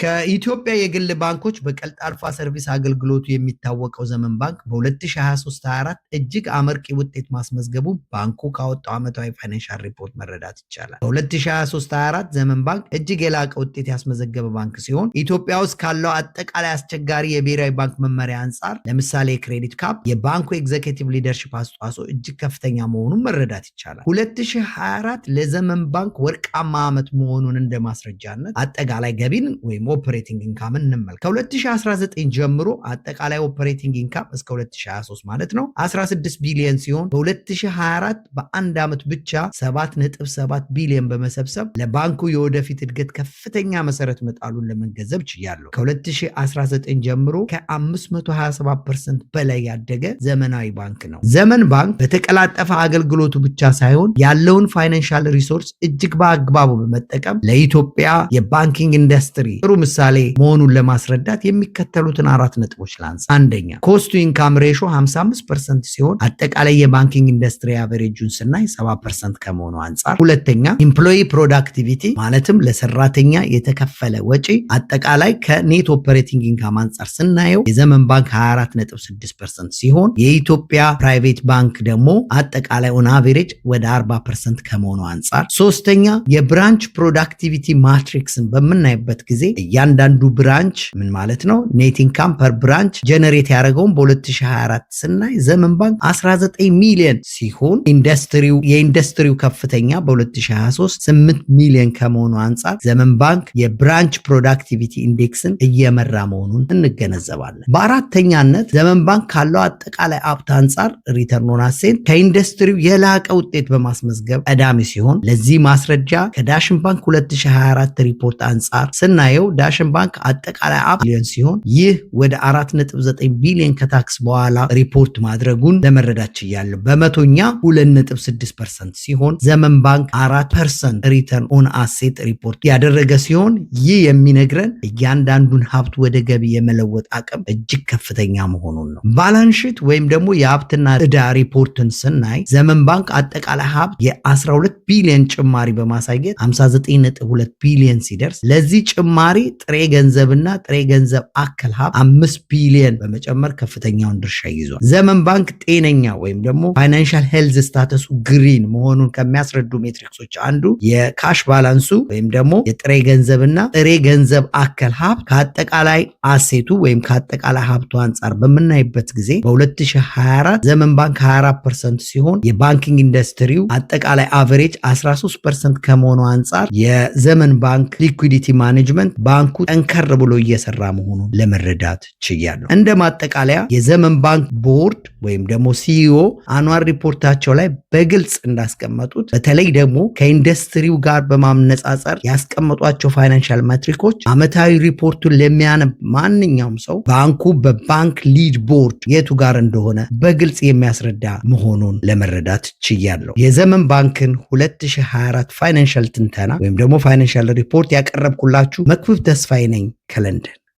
ከኢትዮጵያ የግል ባንኮች በቀልጣፋ ሰርቪስ አገልግሎቱ የሚታወቀው ዘመን ባንክ በ2023/24 እጅግ አመርቂ ውጤት ማስመዝገቡ ባንኩ ካወጣው ዓመታዊ ፋይናንሻል ሪፖርት መረዳት ይቻላል። በ2023/24 ዘመን ባንክ እጅግ የላቀ ውጤት ያስመዘገበ ባንክ ሲሆን ኢትዮጵያ ውስጥ ካለው አጠቃላይ አስቸጋሪ የብሔራዊ ባንክ መመሪያ አንጻር፣ ለምሳሌ የክሬዲት ካፕ የባንኩ ኤግዘኪቲቭ ሊደርሽፕ አስተዋጽኦ እጅግ ከፍተኛ መሆኑን መረዳት ይቻላል። 2024 ለዘመን ባንክ ወርቃማ ዓመት መሆኑን እንደማስረጃነት አጠቃላይ ገቢን ወይም ወይም ኦፕሬቲንግ ኢንካም እንመል ከ2019 ጀምሮ አጠቃላይ ኦፕሬቲንግ ኢንካም እስከ 2023 ማለት ነው 16 ቢሊዮን ሲሆን በ2024 በአንድ ዓመት ብቻ 7.7 ቢሊዮን በመሰብሰብ ለባንኩ የወደፊት እድገት ከፍተኛ መሰረት መጣሉን ለመገንዘብ ችያለሁ። ከ2019 ጀምሮ ከ527 በላይ ያደገ ዘመናዊ ባንክ ነው። ዘመን ባንክ በተቀላጠፈ አገልግሎቱ ብቻ ሳይሆን ያለውን ፋይናንሻል ሪሶርስ እጅግ በአግባቡ በመጠቀም ለኢትዮጵያ የባንኪንግ ኢንዱስትሪ ጥሩ ምሳሌ መሆኑን ለማስረዳት የሚከተሉትን አራት ነጥቦች ላንሳ። አንደኛ ኮስቱ ኢንካም ሬሾ 55 ፐርሰንት ሲሆን አጠቃላይ የባንኪንግ ኢንዱስትሪ አቨሬጁን ስናይ 7 ፐርሰንት ከመሆኑ አንጻር። ሁለተኛ ኢምፕሎይ ፕሮዳክቲቪቲ ማለትም ለሰራተኛ የተከፈለ ወጪ አጠቃላይ ከኔት ኦፐሬቲንግ ኢንካም አንጻር ስናየው የዘመን ባንክ 24.6 ፐርሰንት ሲሆን የኢትዮጵያ ፕራይቬት ባንክ ደግሞ አጠቃላይ ኦን አቨሬጅ ወደ 40 ፐርሰንት ከመሆኑ አንጻር። ሶስተኛ የብራንች ፕሮዳክቲቪቲ ማትሪክስን በምናይበት ጊዜ እያንዳንዱ ብራንች ምን ማለት ነው ኔት ፐር ብራንች ጀነሬት ያደረገውን በ2024 ስናይ ዘመን ባንክ 19 ሚሊዮን ሲሆን ኢንዱስትሪው የኢንዱስትሪው ከፍተኛ በ2023 8 ሚሊዮን ከመሆኑ አንጻር ዘመን ባንክ የብራንች ፕሮዳክቲቪቲ ኢንዴክስን እየመራ መሆኑን እንገነዘባለን። በአራተኛነት ዘመን ባንክ ካለው አጠቃላይ ሀብት አንጻር ሪተርን ኦን አሴት ከኢንዱስትሪው የላቀ ውጤት በማስመዝገብ ቀዳሚ ሲሆን ለዚህ ማስረጃ ከዳሽን ባንክ 2024 ሪፖርት አንጻር ስናየው ዳሽን ባንክ አጠቃላይ አፕ ቢሊዮን ሲሆን ይህ ወደ 4.9 ቢሊዮን ከታክስ በኋላ ሪፖርት ማድረጉን ለመረዳት ችያለሁ። በመቶኛ 2.6 ፐርሰንት ሲሆን ዘመን ባንክ 4 ፐርሰንት ሪተርን ኦን አሴት ሪፖርት ያደረገ ሲሆን ይህ የሚነግረን እያንዳንዱን ሀብት ወደ ገቢ የመለወጥ አቅም እጅግ ከፍተኛ መሆኑን ነው። ባላንሽት ወይም ደግሞ የሀብትና ዕዳ ሪፖርትን ስናይ ዘመን ባንክ አጠቃላይ ሀብት የ12 ቢሊዮን ጭማሪ በማሳየት 59.2 ቢሊዮን ሲደርስ ለዚህ ጭማሪ ጥሬ ገንዘብና ጥሬ ገንዘብ አከል ሀብ አምስት ቢሊየን በመጨመር ከፍተኛውን ድርሻ ይዟል። ዘመን ባንክ ጤነኛ ወይም ደግሞ ፋይናንሻል ሄልዝ ስታተሱ ግሪን መሆኑን ከሚያስረዱ ሜትሪክሶች አንዱ የካሽ ባላንሱ ወይም ደግሞ የጥሬ ገንዘብና ጥሬ ገንዘብ አከል ሀብ ከአጠቃላይ አሴቱ ወይም ከአጠቃላይ ሀብቱ አንጻር በምናይበት ጊዜ በ2024 ዘመን ባንክ 24 ፐርሰንት ሲሆን የባንኪንግ ኢንዱስትሪው አጠቃላይ አቨሬጅ 13 ፐርሰንት ከመሆኑ አንጻር የዘመን ባንክ ሊኩዲቲ ማኔጅመንት ባንኩ ጠንከር ብሎ እየሰራ መሆኑን ለመረዳት ችያለሁ። እንደ ማጠቃለያ የዘመን ባንክ ቦርድ ወይም ደግሞ ሲኢኦ አኗር ሪፖርታቸው ላይ በግልጽ እንዳስቀመጡት በተለይ ደግሞ ከኢንዱስትሪው ጋር በማነጻጸር ያስቀመጧቸው ፋይናንሻል ሜትሪኮች ዓመታዊ ሪፖርቱን ለሚያነብ ማንኛውም ሰው ባንኩ በባንክ ሊድ ቦርድ የቱ ጋር እንደሆነ በግልጽ የሚያስረዳ መሆኑን ለመረዳት ችያለሁ። የዘመን ባንክን 2024 ፋይናንሻል ትንተና ወይም ደግሞ ፋይናንሻል ሪፖርት ያቀረብኩላችሁ መክብብ testifying calendar.